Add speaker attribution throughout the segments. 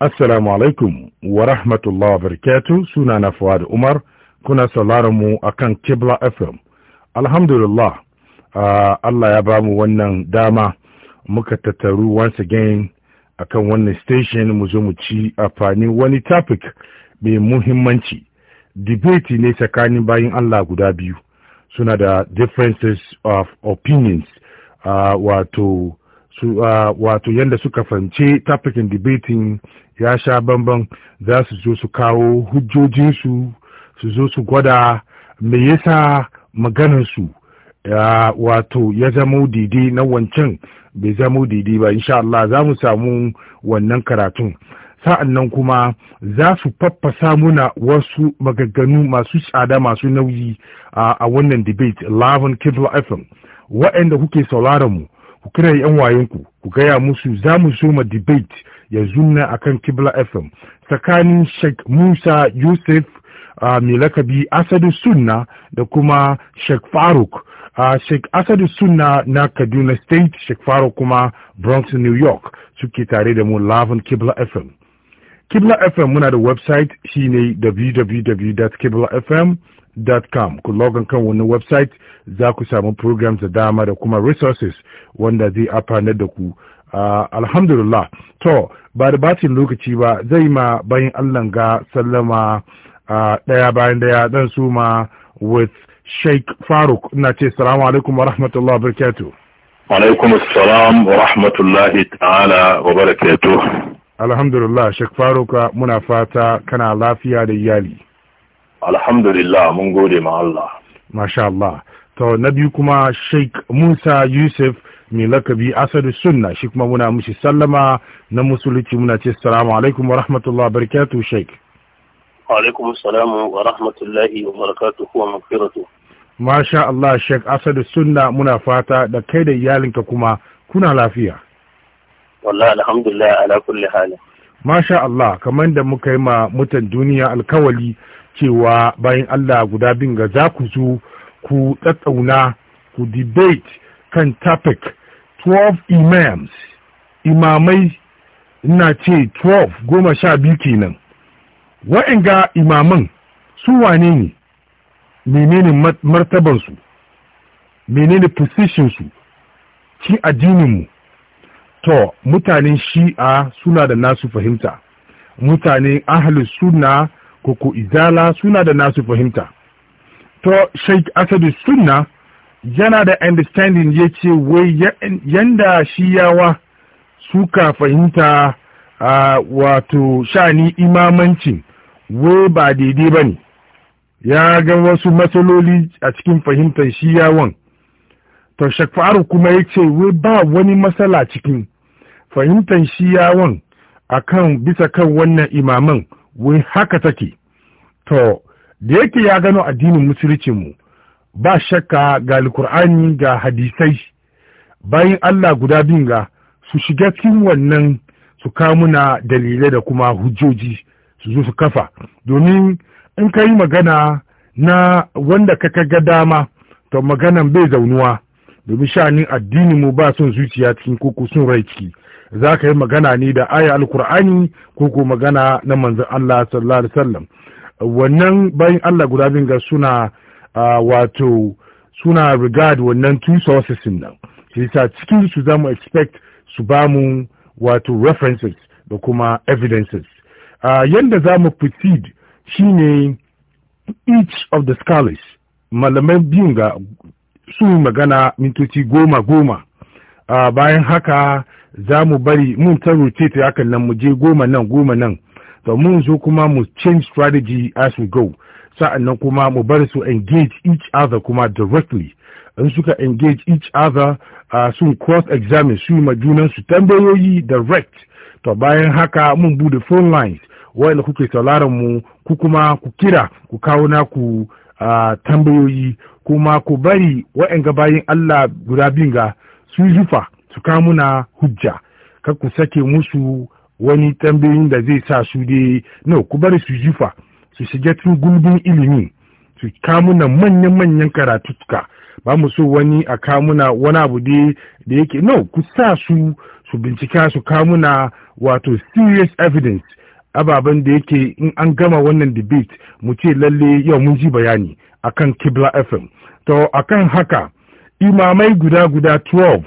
Speaker 1: Assalamu alaikum wa rahmatullah wa barakatu suna na Fuad Umar kuna sauraron mu akan Kibla FM. Alhamdulillah uh, Allah ya bamu wannan dama muka tattaru once again akan wannan station mu zo mu ci amfani wani topic mai muhimmanci. Debate ne tsakanin bayin Allah guda biyu suna da differences of opinions uh, wato su wato yadda suka fance tafikin debating ya sha bambam za su zo su kawo hujjojinsu su zo su gwada me yasa maganarsu wato ya zama didi na wancan bai zama didi ba insha Allah za mu samu wannan karatun sa'an nan kuma za su faffasa muna wasu magagganu masu tsada masu nauyi a wannan debate 11 kibla fm waɗanda kuke sauraron mu ku kira yan wayenku ku gaya musu za mu soma debate yanzu a akan kibla fm tsakanin sheikh musa yusuf uh, mai lakabi asadu sunna da kuma sheikh faruk uh, sheikh asadu sunna na kaduna state sheikh faruk kuma bronx new york suke tare da mu lavin kibla fm Kibla FM muna da website shine www.kiblafm.com ku logan kan wani website za ku samu programs da dama da kuma resources wanda zai amfanar da ku uh, alhamdulillah to ba da bacin lokaci ba zai ma bayan allah ga sallama uh, ah, daya bayan daya dan su ma with sheikh faruk ina ce salamu alaikum wa rahmatullahi wa barakatuh
Speaker 2: alaikum assalam wa rahmatullahi ta'ala wa barakatuh
Speaker 1: alhamdulillah sheikh faruka muna fata kana lafiya da iyali alhamdulillah
Speaker 2: mun gode ma Allah
Speaker 1: masha Allah to na biyu kuma sheikh musa yusuf mai lakabi asadu sunna shi kuma muna mushi sallama na musulunci muna ce salamu alaikum wa rahmatullah barakatuh sheikh.
Speaker 3: alaikum salamu wa rahmatullahi wa barakatuh wa magfiratu
Speaker 1: masha Allah sheik asadu sunna muna fata da kai da iyalinka kuma kuna lafiya
Speaker 3: wallah alhamdulillah ala kulli hali.
Speaker 1: masha Allah kamar da muka yi ma mutan duniya alkawali cewa bayan Allah guda bin ga za ku zo ku tattauna ku debate kan topic 12 imams imamai ina ce 12 goma sha biyu kenan ga imaman su wane ne menene martabansu menene su ci addininmu to mutanen shi'a suna da nasu fahimta mutanen ahli sunna ko ko izala suna da nasu fahimta to sheik asadu sunna yana da understanding ya ce wai yanda shiyawa suka fahimta a wato shani imamancin wai ba daidai ba ne ya ga wasu matsaloli a cikin fahimtar shiyawan to shakfaru kuma ya ce wai ba wani matsala cikin fahimtar shiyawan kan bisa kan wannan imaman wai haka take to da yake ya gano addinin musulcinmu ba shakka ga alkur'ani ga hadisai bayan Allah guda bin ga su shiga cikin wannan su kamuna dalilai da kuma hujjoji su zo su kafa domin in ka yi magana na wanda ka ga dama to maganan bai zaunuwa domin sha'anin addinin mu ba son zuciya cikin koko sun rai ciki za ka yi magana ne da aya alkur'ani ko ko magana na manzon Allah sallallahu alaihi wasallam wannan bayan Allah guda bin ga suna wato suna regard wannan two sources nan shi cikin su za mu expect su ba mu wato references da kuma evidences yanda za mu proceed shine each of the scholars malamai biyun ga su magana mintoci goma goma a bayan haka za mu bari mun ta ta hakan nan mu je goma nan goma nan to mun zo kuma mu change strategy as we go sa'annan kuma mu bar su engage each other kuma directly in suka engage each other uh, sun cross examine su ma junan su tambayoyi direct to bayan haka mun bude phone lines wanda kuke sauraron mu ku kuma ku kira ku kawo naku uh, tambayoyi kuma ku bari wa'yan bayan Allah guda binga. su zufa su kamuna hujja kar ku sake musu wani tambayoyin da zai sa su dai no ku bari su zufa su shiga cikin gulbin ilimi su kamuna manyan-manyan karatuka ba mu so wani a kamuna wani abu da yake no ku sa su su bincika su kamuna wato serious evidence ababen da yake in an gama wannan debate mu ce lalle yau mun ji bayani akan kibla fm to akan haka imamai guda guda 12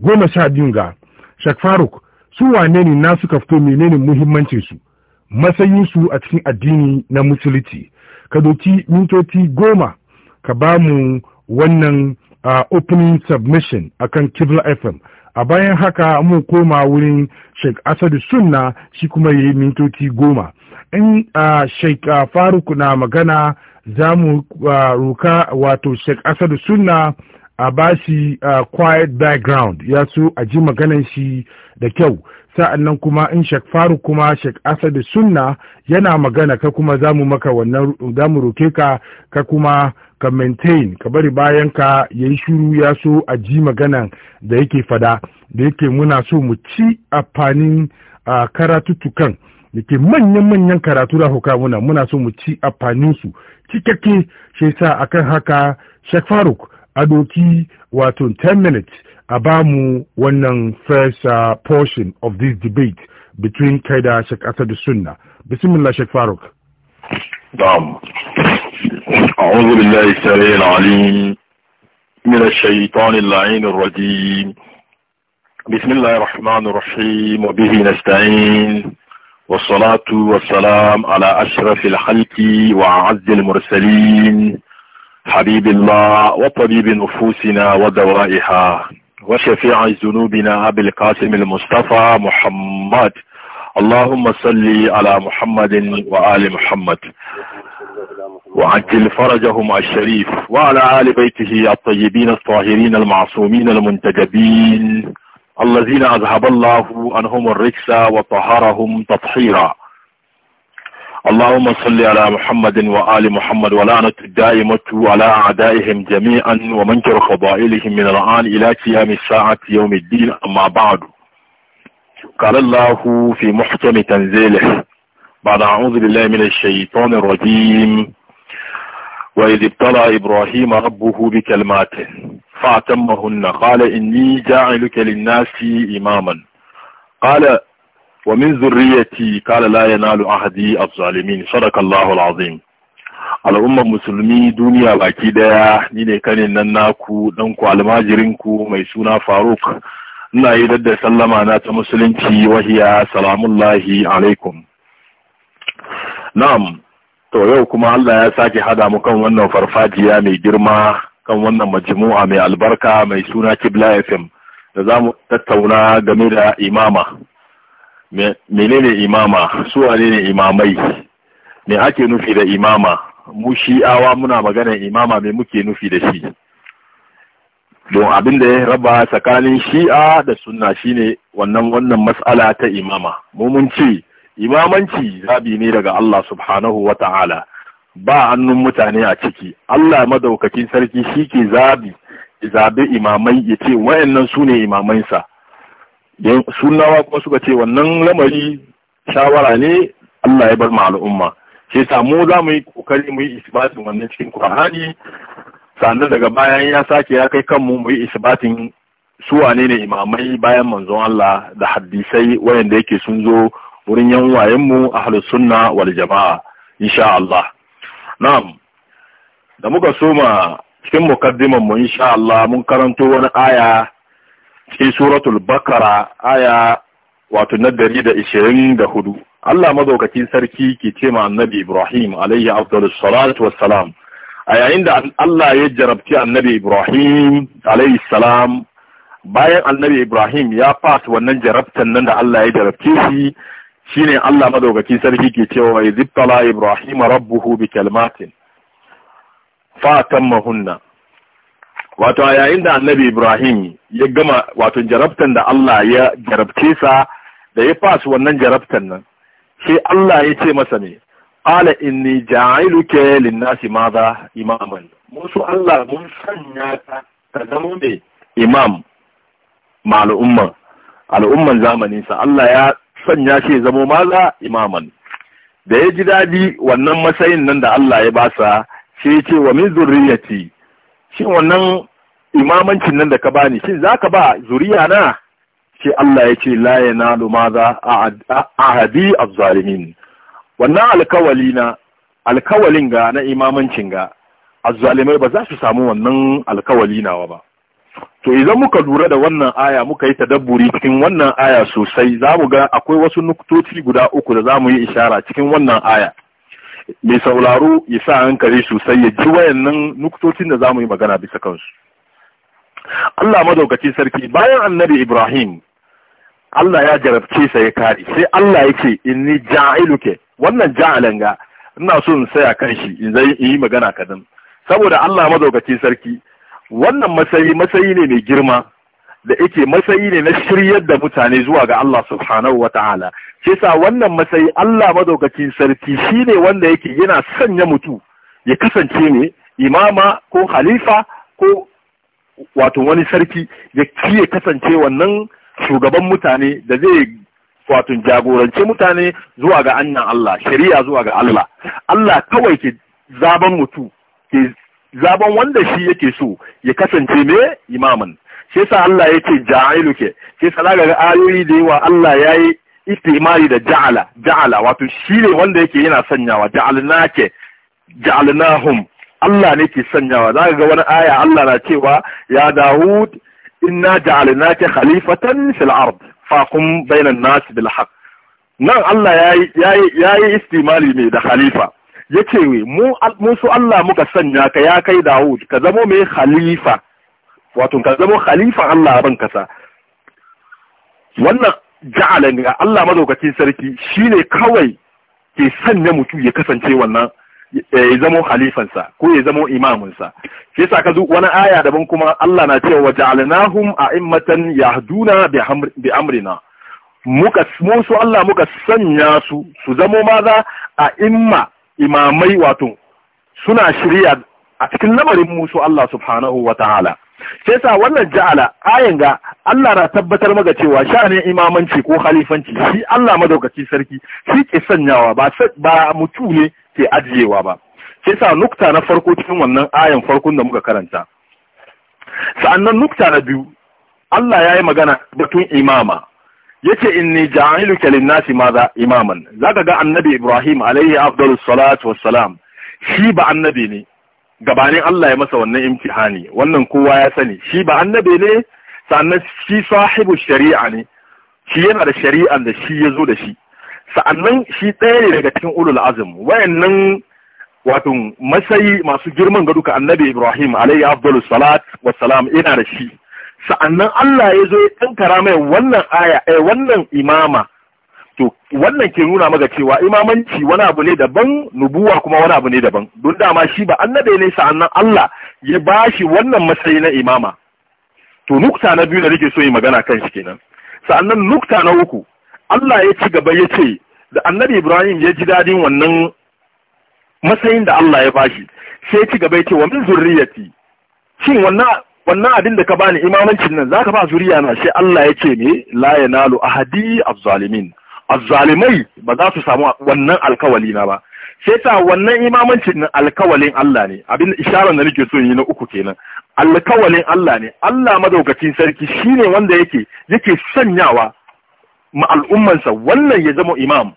Speaker 1: goma sha biyun ga shak faruk su wane ne na suka fito menene muhimmancinsu matsayinsu a cikin addini na musulunci ka doki mintoci goma ka ba mu wannan uh, opening submission akan kibla fm a bayan haka mu koma wurin sheik asadu sunna shi kuma yi mintoci goma in uh, sheik uh, faruk na magana za mu uh, roka wato sheik asadu sunna a ba shi quiet background ya so a ji maganan shi da kyau sa'annan kuma in shek faru kuma shek asadu sunna yana magana ka kuma za mu maka wannan za mu roke ka ka kuma ka maintain ka bari bayan ka ya yi shuru ya so a ji maganan da yake fada da yake muna so mu ci amfanin karatuttukan da ke manyan-manyan karatu da hauka muna muna so mu ci amfaninsu cikakke shi sa akan haka shek faruk a doki wato 10 minutes a ba mu wannan first uh, portion of this debate between kai da shek asa da sunna bismillah sheikh faruk
Speaker 2: dam a wanzu lillahi tsare na alim mina shaitanin la'in rajin bismillah rahman rahim wa bihi na sta'in wasu salatu wasu salam ala ashirafi alhalki wa azil mursalin حبيب الله وطبيب نفوسنا ودوائها وشفيع ذنوبنا أبي القاسم المصطفى محمد اللهم صل على محمد وآل محمد وعجل فرجهم الشريف وعلى آل بيته الطيبين الطاهرين المعصومين المنتجبين الذين أذهب الله عنهم الرجس وطهرهم تطهيرا اللهم صل على محمد وآل محمد ولعنة الدائمة على أعدائهم جميعا ومنكر فضائلهم من الآن إلى قيام الساعة يوم الدين أما بعد قال الله في محكم تنزيله بعد أعوذ بالله من الشيطان الرجيم وإذ ابتلى إبراهيم ربه بكلمات فأتمهن قال إني جاعلك للناس إماما قال wa min zurriyati qala la yanalu ahadi az-zalimin sadakallahu al-azim al'ummar musulmi duniya baki daya ni ne kanin nan naku dan almajirin ku mai suna Faruk ina yi da sallama na ta musulunci wahiya salamullahi alaikum na'am to yau kuma Allah ya sake haɗa mu kan wannan farfajiya mai girma kan wannan majmu'a mai albarka mai suna Kibla FM da za mu tattauna game da imama menene imama su wane ne imamai me ake nufi da imama mu shi'awa muna maganar imama me muke nufi da shi don abin da ya raba tsakanin shi'a da sunna shine wannan wannan mas'ala ta imama mu mun ce imamanci zabi ne daga Allah subhanahu wa ta'ala ba hannun mutane a ciki Allah madaukakin sarki shi ke zabi zabe imamai ya ce wayannan su ne imamansa sunawa kuma suka ce wannan lamari shawara ne Allah ya bar ma al'umma sai samu za mu yi kokari mu yi isbatin wannan cikin Qur'ani sannan daga bayan ya sake ya kai kanmu mu yi isbatin su wane ne imamai bayan manzon Allah da hadisai wayanda yake sun zo wurin yan wayenmu ahlus sunna wal jama'a insha Allah na'am da muka soma cikin mukaddimar mu insha Allah mun karanto wani aya cikin suratul bakara aya wato na dari da ishirin da hudu Allah madaukakin sarki ke ce ma annabi Ibrahim alayhi afdalus salatu wassalam a yayin da Allah ya jarabci annabi Ibrahim alayhi salam bayan annabi Ibrahim ya fas wannan jarabtan nan da Allah ya jarabce shi shine Allah madaukakin sarki ke cewa izibtala Ibrahim rabbuhu bi kalmatin fa tammahunna wato a yayin da annabi ibrahim ya gama wato jarabtan da allah ya jarabce sa da ya fasu wannan jarabtan nan sai allah ya ce masa ne ala inni ja'iluka linnasi madha imaman musu allah mun sanya ka ka zama ne imam ma al'umma al'umman zamanin sa allah ya sanya shi zamo maza imaman da ya ji dadi wannan matsayin nan da allah ya basa sai ya ce wa min zurriyati shin wannan imamancin nan da ka bani shin ka ba zuriya na ce Allah ya ce la yanalu a ahadi az-zalimin wannan alkawali na alkawalin ga na imamancin ga azzalimai ba za su samu wannan alkawali nawa ba to idan muka lura da wannan aya muka yi tadabburi cikin wannan aya sosai za mu ga akwai wasu nuktoci guda uku da za mu yi ishara cikin wannan aya mai sauraro ya sa hankali sosai ya ji wayannan nuktocin da za mu yi magana bisa kansu Allah madaukaci sarki bayan annabi Ibrahim Allah ya jarabce sa ya kare sai Allah ya ce inni ja'iluke wannan ja'alan ga ina so in saya kan shi in zai yi magana kadan saboda Allah madaukaci sarki wannan matsayi masayi ne mai girma da yake matsayi ne na shiryar da mutane zuwa ga Allah subhanahu wata'ala sai sa wannan matsayi Allah madaukakin sarki shine wanda yake yana sanya mutu ya kasance ne imama ko khalifa ko wato wani sarki ya kiye kasance wannan shugaban mutane da zai wato jagorance mutane zuwa ga annan Allah shari'a zuwa ga Allah Allah kawai ke zaben mutu ke zaben wanda shi yake so ya kasance me imaman shi yasa Allah yake ja'iluke shi yasa daga ayoyi da yawa Allah yayi istimari da ja'ala ja'ala wato shi ne wanda yake yana sanyawa ja'alnake ja'alnahum Allah ne ke sanyawa za ga wani aya Allah na cewa ya Dawud inna ja'alnaka khalifatan fil ard faqum bainan nas bil haqq nan Allah yayi yayi istimali mai da khalifa yace mu mu su Allah muka sanya ka ya kai Dawud ka zamo mai khalifa wato ka zamo khalifa Allah ban kasa wannan ja'ala ne Allah madaukakin sarki shine kawai ke sanya mutum ya kasance wannan Eh, ya zamo halifansa ko ya zamo imaminsa shi yasa ka zo wani aya daban kuma Allah na cewa wa ja'alnahum a'immatan yahduna bi amrina muka mu su Allah muka sanya su su zamo maza a imma imamai wato suna shirya a cikin lamarin musu Allah subhanahu wa ta'ala sai sa wannan ja'ala ayin ga Allah na tabbatar maka cewa sha'anin imamanci ko khalifanci shi Allah madaukaci sarki shi ke sanyawa ba ba mutu ne ke ajiyewa ba sai sa nukta na farko cikin wannan ayan farkon da muka karanta sa'annan nukta na biyu Allah ya yi magana batun imama yace inni ja'ilu lin-nasi madha imaman zaka ga annabi Ibrahim alaihi afdalus salatu wassalam shi ba annabi ne gabanin Allah ya masa wannan imtihani wannan kowa ya sani shi ba annabi ne sannan shi sahibu shari'a ne shi yana da shari'an da shi ya zo da shi sa'annan shi ɗaya ne daga cikin ulul azm wayannan wato masayi masu girman gado ka annabi ibrahim alayhi afdalus salat salam, ina da shi sa'annan Allah ya zo ya tankara mai wannan aya eh wannan imama to wannan ke nuna maka cewa imamanci wani abu ne daban nubuwa kuma wani abu ne daban don dama shi ba annabi ne sa'annan Allah ya ba shi wannan masayi na imama to nukta na biyu da nake so yi magana kan shi kenan sa'annan nukta na uku Allah ya ci gaba ya ce da annabi Ibrahim ya ji dadin wannan matsayin da Allah ya bashi sai ya ci gaba ya ce wa min zurriyati shin wannan wannan abin da ka bani imamancin nan zaka ba zuriya na sai Allah ya ce me la yanalu ahadi az-zalimin ba za su samu wannan alkawali na ba sai ta wannan imamancin nan alkawalin Allah ne abin isharar da nake so yi na uku kenan alkawalin Allah ne Allah madaukakin sarki shine wanda yake yake sanyawa ma al'ummansa wannan ya zama imam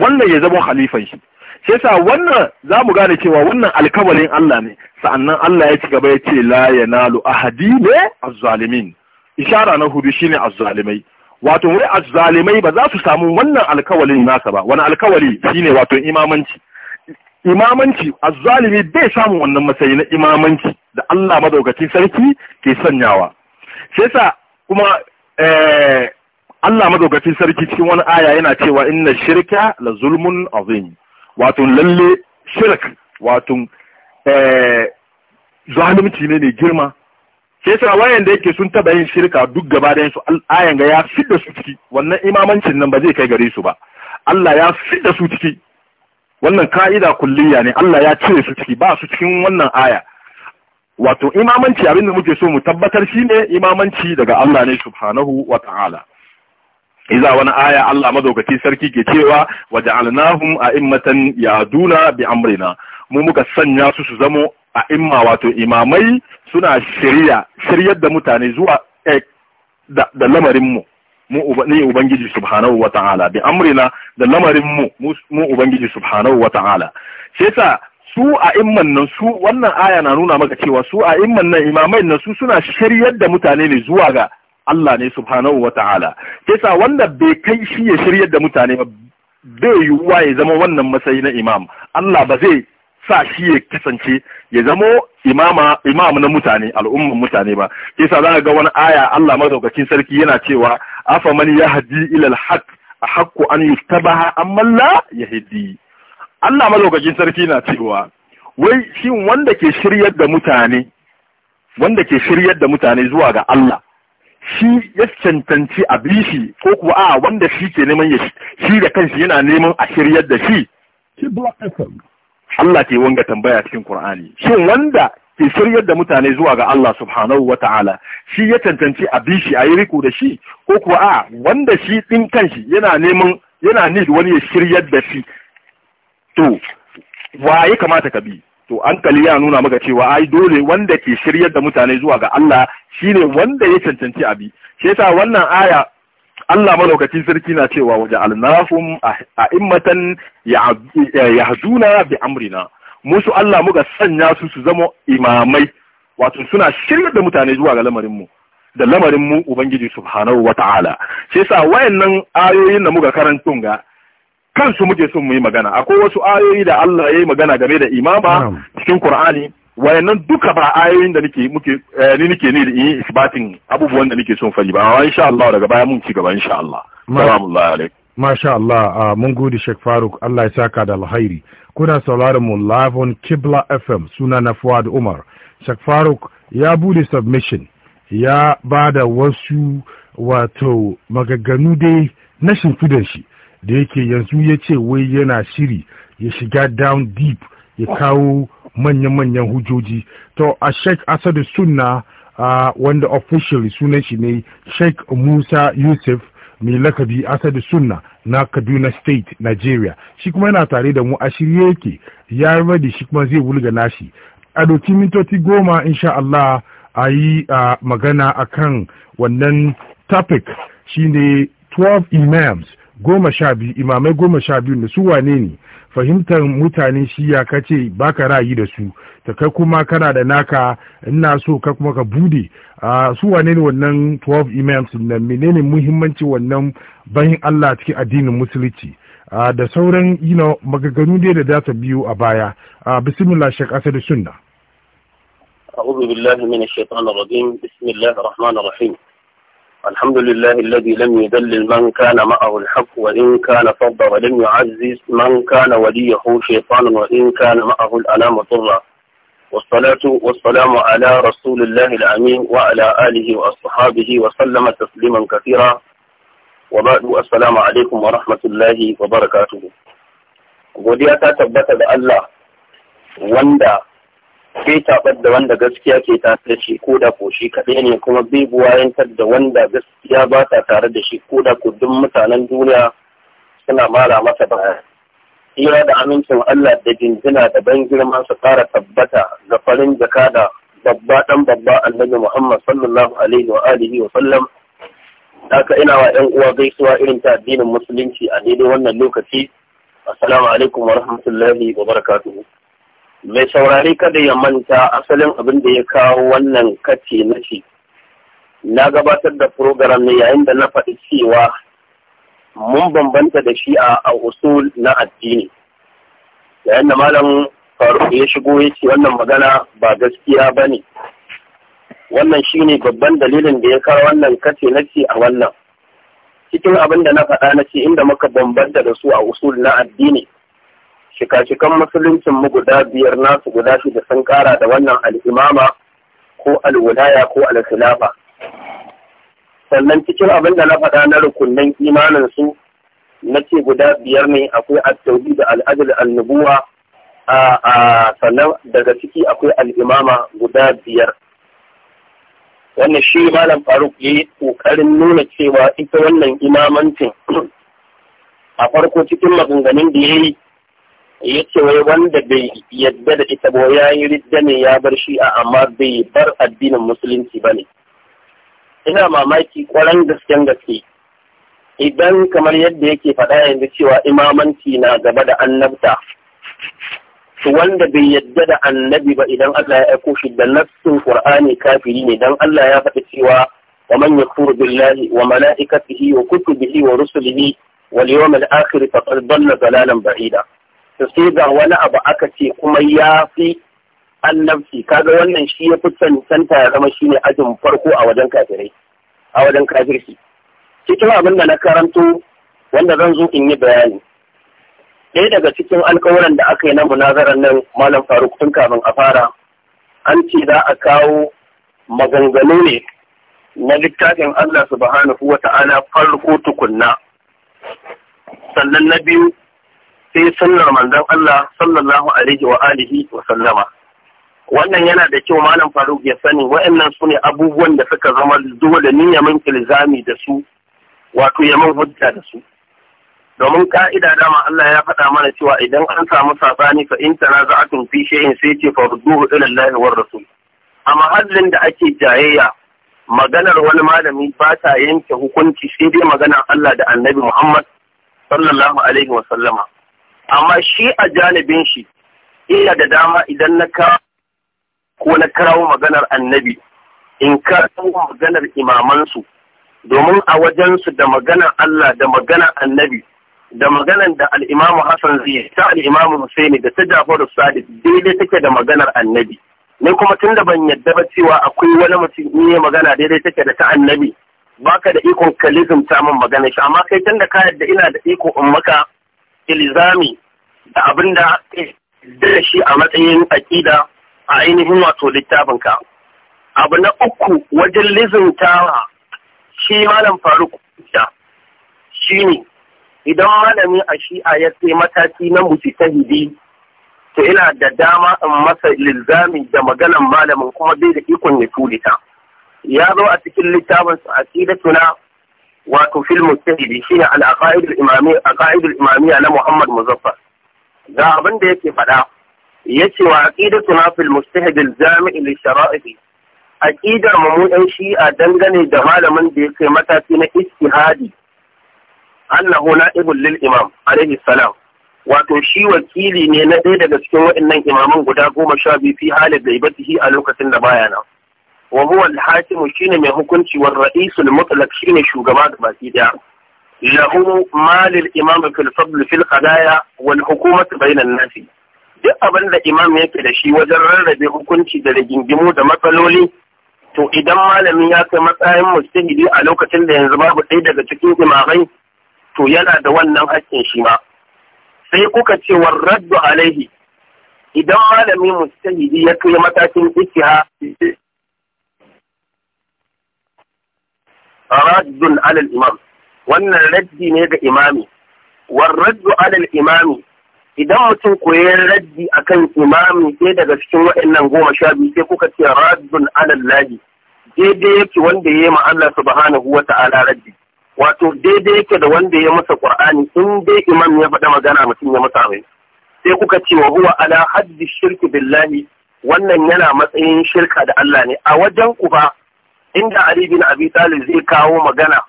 Speaker 2: wannan ya zama khalifan shi sai sa wannan mu gane cewa wannan alkawalin Allah ne sa'annan Allah ya ci gaba ya ce la yanalu ahadi ne azzalimin, ishara na hudu shine az-zalimai wato wai azzalimai ba za su samu wannan alkawalin nasa ba wani alkawali shine wato imamanci imamanci azzalimi bai samu wannan matsayi na imamanci da Allah madaukakin sarki ke sanyawa sai sa kuma eh, Allah madaukakin sarki cikin wani aya yana cewa inna shirka la zulmun azim wato lalle shirk wato eh zalunci ne mai girma sai sa wayan da yake sun taba yin shirka duk gaba da su ayan ga ya fidda su ciki wannan imamancin nan ba zai kai gare su ba Allah ya fidda su ciki wannan ka'ida kulliya ne Allah ya cire su ciki ba su cikin wannan aya wato imamanci abin da muke so mu tabbatar shine imamanci daga Allah ne subhanahu wa ta'ala iza wani aya Allah madaukaki sarki ke cewa waja'alnahum a'immatan yaduna bi amrina mu muka sanya su su zamo a'imma wato imamai suna shirya shiryar da mutane zuwa eh, da, da lamarinmu mu ni ubangiji subhanahu ta'ala bi amrina da lamarinmu mu ubangiji subhanahu wa ta'ala. yasa su a imman nan su wannan aya na nuna maka cewa su a imman nan imamai nan su suna shiryar da mutane ne zuwa ga Allah ne subhanahu wa ta'ala kisa wanda bai kai shi ya shiryar da mutane ba bai yiwuwa ya zama wannan matsayi na imam Allah ba zai sa shi ya kasance ya zama imama imam na mutane al'umman mutane ba kisa za ga wani aya Allah madaukakin sarki yana cewa afa man yahdi ila al-haq ahqqu an yutabaha amma la yahdi Allah madaukakin sarki na cewa wai shin wanda ke shiryar da mutane wanda ke shiryar da mutane zuwa ga Allah shi ya cancanci a bi shi ko kuwa a wanda shi ke neman ya shi da kanshi yana neman a shiryar da shi Allah ke wanga tambaya cikin Kur'ani. shin wanda ke shiryar da mutane zuwa ga Allah subhanahu wa ta'ala shi ya cancanci a bi shi a yi riko da shi ko kuwa a wanda shi din kanshi yana neman yana ne wani ya shiryar da shi to wa ya kamata ka bi to hankali ya nuna maka cewa ai dole wanda ke shiryar da mutane zuwa ga Allah shine wanda ya cancanci abi shi yasa wannan aya Allah malaukacin sarki na cewa waje Al a a'immatan yahduna bi amrina musu Allah muka sanya su su zama imamai wato suna shiryar da mutane zuwa ga lamarin mu da lamarin mu Ubangiji subhanahu wata'ala ta'ala. Shi sa wayannan ayoyin da muka karantun ga kansu muke son mu yi magana akwai wasu ayoyi da Allah ya yi magana game da imama cikin Qur'ani wayannan duka ba ayoyin da nake muke eh, ni nake ni da yin isbatin abubuwan da nake son fari ba wa insha Allah daga baya mun ci gaba insha Allah salamu alaikum
Speaker 1: Masha Allah ah, mun gode Sheikh Faruk Allah ya saka da alkhairi kuna sauraron mu live on Kibla FM suna na Fuad Umar Sheikh Faruk ya bude submission ya bada wasu wato magaganu dai na shimfidan shi da yake yanzu ya ce wai yana shiri ya shiga down deep ya oh. kawo manya-manyan hujjoji to a sheikh asadu sunna uh, wanda officially sunan shi ne sheikh musa yusuf mai lakabi asadu sunna na kaduna state nigeria shi kuma yana tare da mu a shirye yake ya rabe shi kuma zai wulga nashi a doki mintoti goma insha Allah a yi uh, magana akan wannan topic shi ne 12 imams goma sha biyu imamai goma sha biyu da su wane ne fahimtar mutane shi ya kace baka rayu da su ta kai kuma kana da naka ina so ka kuma ka bude su wane ne wannan 12 imams nan menene muhimmanci wannan bayin Allah cikin addinin musulunci da sauran you know magaganu dai da data biyu a baya bismillah shek da sunna
Speaker 3: أعوذ بالله من الشيطان الرجيم بسم الله الرحمن الحمد لله الذي لم يدلل من كان معه الحق وإن كان فضا ولم يعزز من كان وليه شيطان وإن كان معه الأنام طرا والصلاة والسلام على رسول الله الأمين وعلى آله وأصحابه وسلم تسليما كثيرا وبعد السلام عليكم ورحمة الله وبركاته godiya ta الله da bai da wanda gaskiya ke tare shi ko da ko shi kaɗai ne kuma bai buwayantar da wanda gaskiya ba ta tare da shi ko da ko duk mutanen duniya suna mara masa baya. Ira da amincin Allah da jinjina da ban girma su ƙara tabbata ga farin jaka da babba ɗan babba annabi Muhammad sallallahu alaihi wa alihi wa sallam. Haka ina wa ‘yan uwa gaisuwa irin ta addinin musulunci a daidai wannan lokaci. Assalamu alaikum wa rahmatullahi wa barakatuhu. mai saurari kada ya manta asalin abin da ya kawo wannan kace na shi na gabatar da program ne yayin da na faɗi cewa mun bambanta da shi a usul na addini yayin da malam faruk ya shigo ya ce wannan magana ba gaskiya ba ne wannan shine babban dalilin da ya kawo wannan kace na ce a wannan cikin abin da na faɗa na ce inda muka bambanta da su a usul na addini shika-shikan musuluncin mu guda biyar nasu guda shida sun kara da wannan al'imama ko alwulaya ko alkhilafa sannan cikin abin da na faɗa na rukunnan imanin su na ce guda biyar ne akwai at da adl annubuwa nubuwa a sannan daga ciki akwai al'imama guda biyar wannan shi malam faruk ya yi ƙoƙarin nuna cewa ita wannan imamancin a farko cikin maganganun da ya yi ya ce wai wanda bai yadda da ita ba ya yi ridda ne ya bar shi'a amma bai bar addinin musulunci ba ne ina mamaki kwaran gasken gaske idan kamar yadda yake faɗa yanzu cewa imamanci na gaba da annabta to wanda bai yadda da annabi ba idan Allah ya aiko shi da nafsin Qur'ani kafiri ne dan Allah ya faɗi cewa wa man yakfur billahi wa malaikatihi wa kutubihi wa rusulihi wal yawmil akhir faqad dalla dalalan ba'ida da sai ga wani abu aka ce kuma ya fi annabci kaga wannan shi ya fi cancanta ya zama shine ajin farko a wajen kafirai a wajen kafirci cikin abin da na karanto wanda zan zo in yi bayani ɗaya daga cikin alkawuran da aka yi na munazarar nan malam faruk tun kafin a fara an ce za a kawo maganganu ne na littafin Allah subhanahu wa ta'ala farko tukunna sannan na biyu sai sallar manzon Allah sallallahu alaihi wa alihi wa sallama wannan yana da kyau malam Faruk ya sani wa'annan su ne abubuwan da suka zama dole ni ya min ilzami da su wato ya min hujja da su domin ka'ida dama Allah ya faɗa mana cewa idan an samu sabani fa in tanaza'atun fi shay'in sai ce farduhu ila Allah war rasul a mahallin da ake jayayya maganar wani malami ba ta yanke hukunci sai dai maganar Allah da Annabi Muhammad sallallahu alaihi wa sallama amma shi a janibin shi ina da dama idan na kawo ko na karawo maganar annabi in karawo maganar imamansu domin a wajensu da maganar Allah da maganar annabi da maganar da al'imamu Hassan zai ta al'imamu Husaini da ta Jafaru Sadiq daidai take da maganar annabi. Ni kuma tun da ban yadda ba cewa akwai wani mutum ne magana daidai take da ta annabi baka da ikon kalizm ta min magana shi amma kai tun da ka yadda ina da iko in maka Ilizami da abin da da shi a matsayin aƙida a ainihin wato littafinka. Abu na uku wajen lizintawa shi malam faruk da shi ne idan malami a shi'a ya sai mataki na hidi to ina da dama in masa lilzami da maganan malamin kuma bai da ikon ya tulita. Ya zo a cikin littafin sa tuna. wato fil mujtahidi shine al aqaid al na Muhammad Muzaffar ga abin da yake faɗa yace wa aqidatuna fil mujtahid al jami' li shara'i aqidar mu mu ɗan shi'a dangane da malamin da yake mataki na ijtihadi annahu na'ibul lil imam alaihi salam wato shi wakili ne na ɗaya daga cikin waɗannan imaman guda goma sha biyu fi halin gaibatihi a lokacin da baya nan wa huwa al-hakimu shine mai hukunci wa ra'isul mutlaq shine shugaba da baki daya lahu malil imam fil fadl fil qadaya wal hukumatu bainan nas duk abin da imam yake da shi wajen rarrabe hukunci da rigingimu da matsaloli to idan malamin ya kai matsayin mustahidi a lokacin da yanzu babu ɗaya daga cikin imamai to yana da wannan haƙƙin shi ma sai kuka ce wa raddu alaihi idan malami mustahidi ya kai matakin ikiha raddun alal imam wannan raddi ne ga imami war raddu alal imami idan mutum koyi raddi akan imami sai daga cikin waɗannan goma sha biyu sai kuka ce raddun alal Ladi. daidai yake wanda ya yi ma Allah subhanahu wa ta'ala raddi wato daidai yake da wanda ya masa qur'ani in dai imam ya faɗa magana mutum ya masa sai kuka ce wa huwa ala haddi shirki billahi wannan yana matsayin shirka da Allah ne a wajen ku ba inda Ali bin Abi Talib zai kawo magana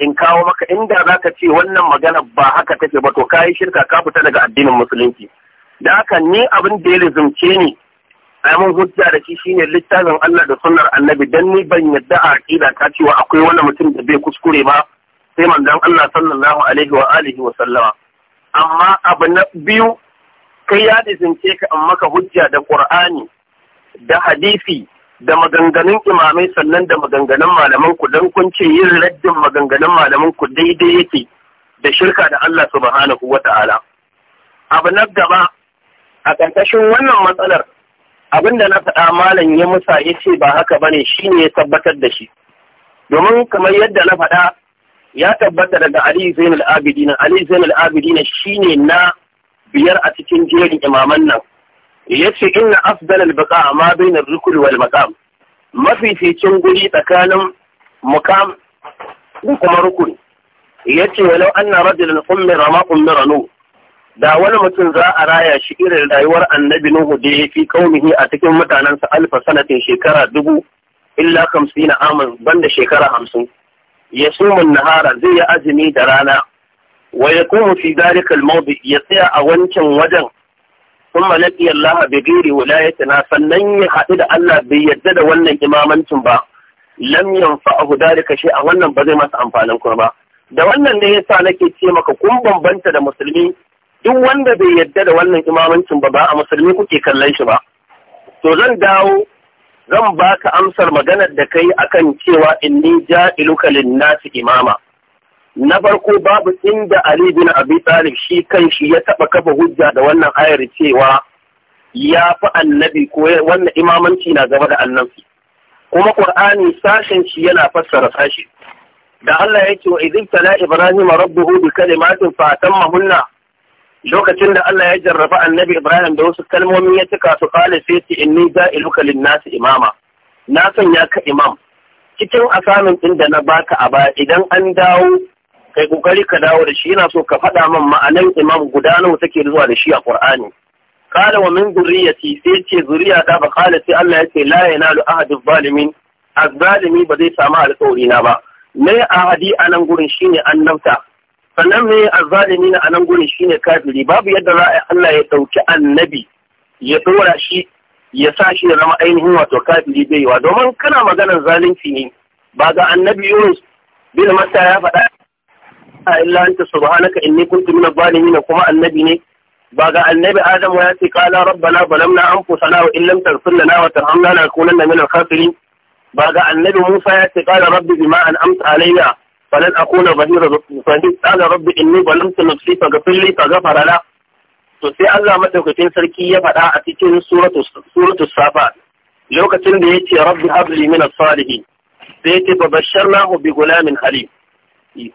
Speaker 3: in kawo maka inda zaka ce wannan magana ba haka take ba to kayi shirka ka fita daga addinin musulunci da haka ni abin da ya lizumce ni ai mun hujja da shi shine littafin Allah da sunnar Annabi dan ni ban yadda a aqida ta cewa akwai wani mutum da bai kuskure ba sai manzon Allah sallallahu alaihi wa alihi wa sallama amma abu na biyu kai ya lizumce ka amma ka hujja da Qur'ani da hadisi da maganganun imamai sannan da maganganun malaman ku don kun ce yin raddin maganganun malaman ku daidai yake da shirka da Allah subhanahu wa ta'ala. Abu na gaba a ƙarƙashin wannan matsalar abin da na faɗa malam ya musa ya ce ba haka bane shi ne ya tabbatar da shi. Domin kamar yadda na faɗa ya tabbata daga Ali Zainul Abidina, Ali Zainul Abidina shi ne na biyar a cikin jerin imaman nan. yace inna afdalal baqa ma bainar rukul wal maqam mafificin guri tsakanin mukam da kuma rukun yace walau anna rajulan ummira ma ummira nu da wani mutum za a raya shi irin rayuwar annabi nuhu da ya fi a cikin mutanensa alfa sanatin shekara dubu illa kamsi na amin banda shekara hamsin ya sumun nahara zai yi azumi da rana wa ya kuma fi dalika ya tsaya a wancan wajen thumma laqiya Allah bi ghairi walayatina sannan ya haɗu da Allah bai yadda da wannan imamancin ba lam yanfa'ahu dalika a wannan ba zai masa amfanin kuma ba da wannan ne yasa nake ce maka kun bambanta da musulmi duk wanda bai yadda da wannan imamancin ba ba a musulmi kuke kallon shi ba to zan dawo zan baka amsar maganar da kai akan cewa inni ja'iluka lin-nasi imama na farko babu inda Ali bin Abi Talib shi kanshi shi ya taɓa kafa hujja da wannan ayar cewa ya fi annabi ko wannan imamanci na gaba da annabi kuma Qur'ani sashen shi yana fassara sashi da Allah yake wa idh tala ibrahim rabbuhu bi kalimatin fa tammahunna lokacin da Allah ya jarraba annabi Ibrahim da wasu kalmomi ya cika su kale sai ce inni ja'iluka lin-nasi imama na sanya ka imam cikin asamin ɗin da na baka a baya idan an dawo kai kokari ka dawo da shi yana so ka faɗa min ma'anan imam guda nawa take zuwa da shi a qur'ani qala wa min zurriyati sai ce zuriya ta ba qala sai Allah ya ce la yanalu ahadu zalimin azzalimi ba zai samu alƙawari na ba me ahadi a nan gurin shine annabta sannan me azzalimi na a nan gurin shine kafiri babu yadda za a Allah ya dauki annabi ya dora shi ya sa shi ya zama ainihin wato kafiri bai wa domin kana maganar zalunci ne ba ga annabi Yunus bin ya faɗa ilaha illa anta subhanaka inni kuntu minadh dhalimin kuma annabi ne ba ga annabi adamu ya ce qala rabbana zalamna anfusana wa illam taghfir lana wa tarhamna lanakunanna minal khasirin ba ga annabi musa ya ce qala rabbi bima an'amta alayya falan akuna zahira zulmi qala rabbi inni zalamtu nafsi faghfir li faghfar la to sai Allah madaukakin sarki ya faɗa a cikin suratu safa lokacin da ya ce rabbi habli min as-salihin sai ya ce babashshar nahu bi gulamin hali.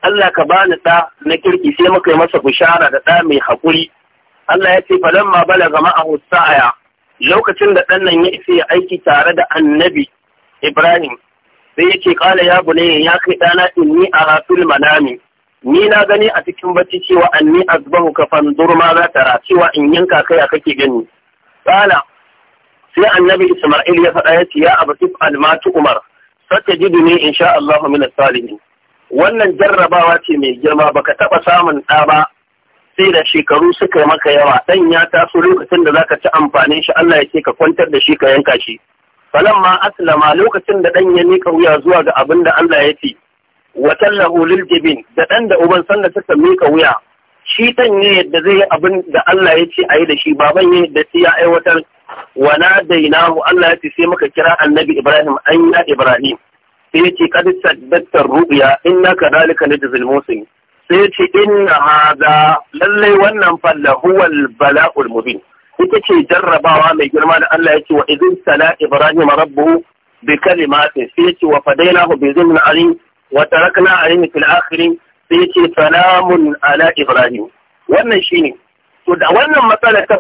Speaker 3: Allah ka bani ɗa na kirki sai muka yi masa bishara da ɗa mai haƙuri Allah ya ce falan ma balaga a sa'aya lokacin da ɗan nan ya isa ya aiki tare da annabi Ibrahim sai yake kala ya bune ya kai ɗana inni a rafil manami ni na gani a cikin bacci cewa anni azbahu ka ma za ta cewa in yanka kai kake gani kala sai annabi Isma'il ya faɗa ya ce ya abu almatu umar Saka jidu ne insha Allah min as-salihin wannan jarrabawa ce mai girma baka taɓa samun ɗa ba sai da shekaru suka maka yawa ɗan ya taso lokacin da zaka ci amfanin shi Allah ya ce ka kwantar da shi ka yanka shi ma aslama lokacin da ɗan ya mika wuya zuwa ga abin da Allah ya ce wa tallahu lil jibin da ɗan da uban sanda suka mika wuya shi ɗan ne yadda zai yi abin da Allah ya ce a yi da shi baban ya yadda ya aiwatar wa nadainahu Allah ya ce sai muka kira annabi Ibrahim an ya Ibrahim sai yace qad saddaqta ru'ya inna kadhalika najzil musin sai in inna haza. lallai wannan falla huwal bala'ul mubin ita ce jarrabawa mai girma da Allah ce wa idin sala ibrahim rabbuhu bi kalimatin sai ce wa fadainahu bi zimmin ali wa tarakna alayhi fil akhirin sai ce salamun ala ibrahim wannan shine to da wannan matsala ta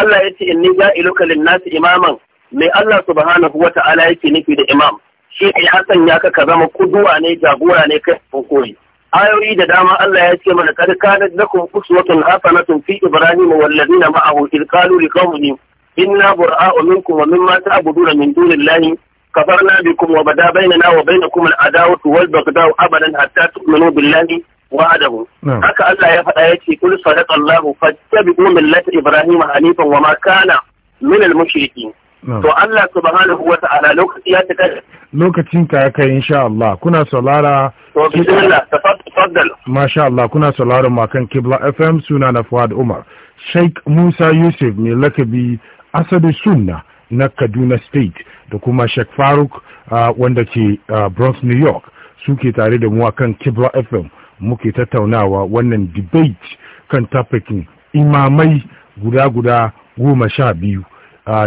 Speaker 3: Allah yace inni ja'iluka lin-nasi imaman mai Allah subhanahu wata'ala yake nufi da imam shi ne ya sanya ka zama kuduwa ne jagora ne kai koyi ayoyi da dama Allah ya ce mana kad kanat lakum uswatun hasanatun fi ibrahim wal ladina ma'ahu id qalu liqawmihim inna bura'u minkum wa mimma ta'buduna min dunillahi kafarna bikum wa bada bainana wa bainakum al adawatu wal baghdau abadan hatta tu'minu billahi wa'adahu haka Allah ya faɗa yace kul sadaqa Allah fattabi'u millata ibrahim hanifan wa ma kana min al mushrikin To Allah subhanahu wa ta'ala lokaci ya tafi.
Speaker 1: lokacin ka ya kai insha Allah kuna saurara
Speaker 3: to bismillah
Speaker 1: tafaddal masha Allah kuna saurara makan Kibla FM suna na Fuad Umar Sheikh Musa Yusuf mai lakabi Asadu Sunna na Kaduna State da kuma Sheikh Faruk uh, wanda ke uh, Bronx New York suke tare da mu akan Kibla FM muke tattaunawa wannan debate kan tafikin imamai guda guda goma sha biyu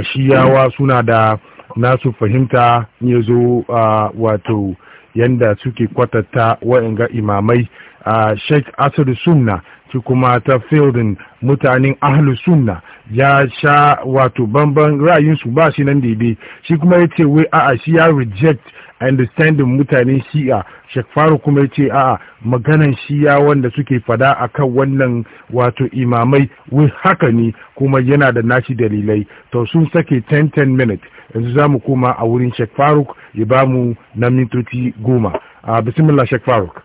Speaker 1: shiyawa suna da nasu fahimta ya zo wato yanda suke kwatanta wa'inga imamai a sheik asir sunna ci kuma ta fildin mutanen ahlu sunna ya sha wato bamban ra'ayinsu ba shi nan daidai shi kuma ya ce wai a'a shi ya reject understanding mutanen shi'a shek faru kuma ya ce a'a maganan shi'a wanda suke fada kan wannan wato imamai wai haka ne kuma yana da nashi dalilai to sun sake 10-10 minutes yanzu za mu koma a wurin shek faruk ya ba mu na mintoci goma a ah, bismillah shek faruk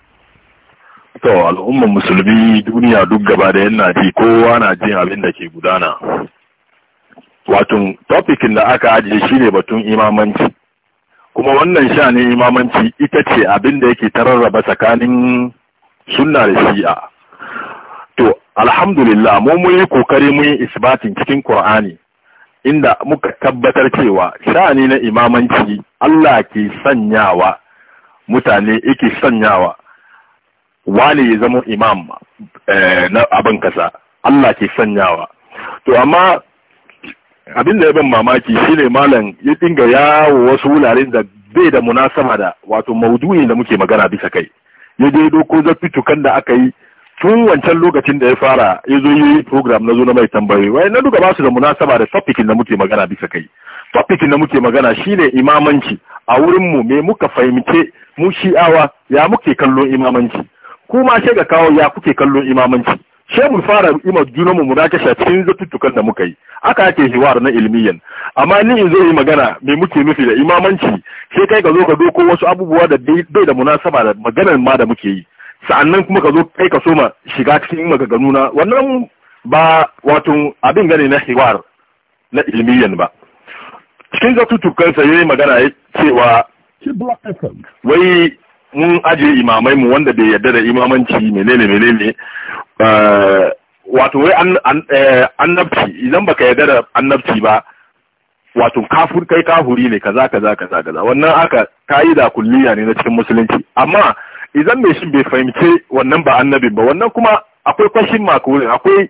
Speaker 2: to al'umman musulmi duniya duk gaba da yana ji kowa na jin abin da ke gudana wato topikin da aka ajiye shine batun imamanci kuma wannan ne imamanci ita ce abin da yake tararraba tsakanin sunna da shi'a to alhamdulillah mu mun yi kokari mun yi isbatin cikin Kur'ani inda muka tabbatar cewa sha ne na imamanci Allah ke sanyawa mutane yake sanyawa wani ya zama imam eh, na abin kasa Allah ke sanyawa to amma abin da ya ban mamaki shine malam ya dinga yawo wasu wuraren da bai da munasaba da wato maudu'i da muke magana bisa kai ya je doko tukan da aka yi tun wancan lokacin da ya fara ya zo yi program na zo na mai tambayoyi wai na duka basu da munasaba da topikin da muke magana bisa kai topikin da muke magana shine imamanci a wurin mu me muka fahimce mu shi'awa ya muke kallon imamanci kuma sai ga kawo ya kuke kallon imamanci sai mu fara ima juna mu munakasha cikin zatuttukan da muka yi aka yake hiwar na ilmiyan amma ni in zo yi magana me muke nufi da imamanci sai kai ka zo ka doko wasu abubuwa da bai da munasaba da maganar ma da muke yi sa'annan kuma ka zo kai ka soma shiga cikin maganganu na wannan ba wato abin gani na hiwar na ilmiyan ba cikin zatuttukan sa yayi magana cewa wai mun ajiye imamai mu wanda bai yarda da imamanci menene menene eh, wato wai eh, annabci idan baka yarda da annabci ba wato kafur kai kafuri ne kaza kaza kaza kaza wannan aka da kulliya ne na cikin musulunci amma idan mai shi bai fahimce wannan ba annabin ba wannan kuma akwai kwashin makulin akwai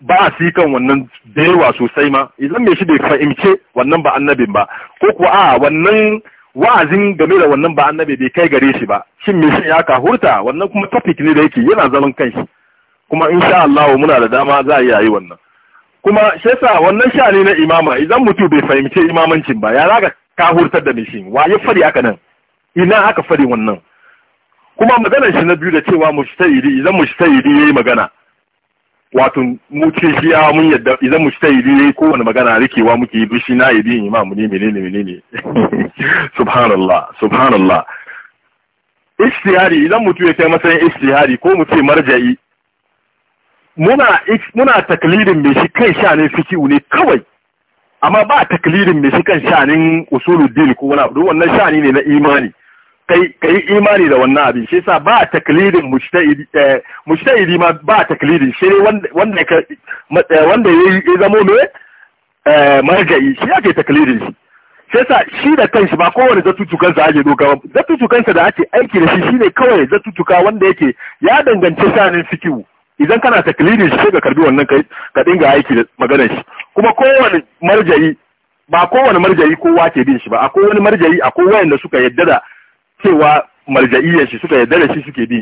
Speaker 2: ba a si kan wannan da yawa sosai ma idan mai shi bai fahimce wannan ba annabin ba ko kuwa a wannan wa'azin game da wannan ba annabi bai kai gare shi ba shin me shin ya kahurta wannan kuma topic ne da yake yana zaman kanshi kuma insha Allah muna da dama za a iya yi wannan kuma shi yasa wannan shani na imama idan mutum bai fahimce imamancin ba ya zaka kahurtar da mishi wa ya fari aka nan ina aka fari wannan kuma maganar shi na biyu da cewa mujtahidi idan ya yayi magana wato mu ce shi ya mun yadda idan mu ta yi kowane magana rikewa muke yi bishi na ma mu ne menene menene subhanallah subhanallah istihari idan mutum ya kai matsayin istihari ko mu ce marja'i
Speaker 3: muna muna taklidin
Speaker 2: mai shi kan shanin fiki ne kawai amma ba taklidin mai shi kan shanin usuluddin ko wani abu wannan shani ne na imani ka yi imani da wannan abin shi yasa ba taklidin mujtahidi eh, ma ba taklidin shi ne wanda ka eh, wanda ya zamo me eh, margayi shi ake taklidin shi shi yasa shi da kanshi ba kowane zatutukan sa ake doka ba zatutukan sa da ake aiki da shi shine kawai zatutuka wanda yake ya danganci shanin sikiwu idan kana taklidin shi sai ka karbi wannan ka dinga aiki da maganar shi kuma kowane marjayi ba kowane marjayi kowa ke bin shi ba
Speaker 3: akwai wani marjayi akwai wayanda suka yadda da cewa marja'iyar shi suka ya da shi suke bi